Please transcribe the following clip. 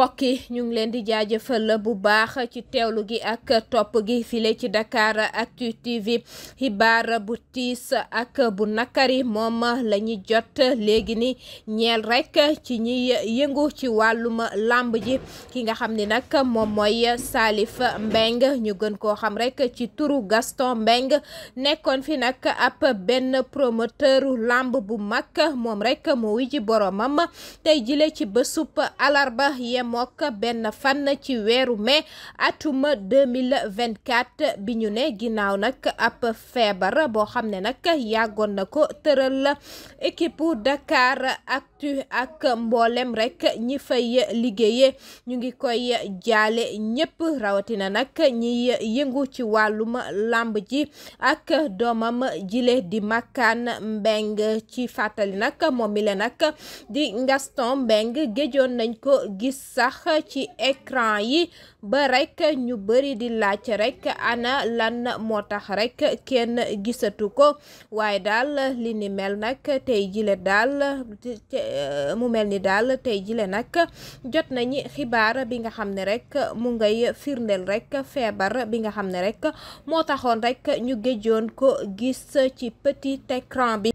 mbokk yi ñu ngi leen di jaajëfal bu baax ci teewlu gi ak topp gi file ci Dakar Actu TV xibaar bu tiis ak bu nakari moom la ñuy jot léegi ni ñeel rek ci ñiy yëngu ci wàllum làmb ji ki nga xam ni nag moom mooy Salif Mbengue ñu gën koo xam rekk ci turu Gaston Mbengue nekkoon fi nag ab benn promoteur làmb bu mag moom rek moo wi ji tey jile ci bésub alarba yem yemook benn fan ci weeru mai atuma 2024 bi ñu ne ginnaaw nag ab feebar boo xam ne nag yàggoon na ko tëral la équipe Dakar Actu ak mboolem rek ñi fay liggéeyee ñu ngi koy jaale ñëpp rawatina nag ñiy yëngu ci wàllum làmb ji ak doomam jile di Makane Mbengue ci fàttali nag moom mi di Gaston Mbengue géejoon nañ ko gis sax ci écran yi ba rek ñu bëri di laaj rek ana lan moo tax rek kenn gisatu ko waaye daal li ni mel nag tey jile daal eh, mu mel ni daal tey jile nag jot nañu xibaar bi nga xam ne rek mu ngay firndeel rek feebar bi nga xam ne rek moo taxoon rek ñu géjoon ko gis ci petit écran bi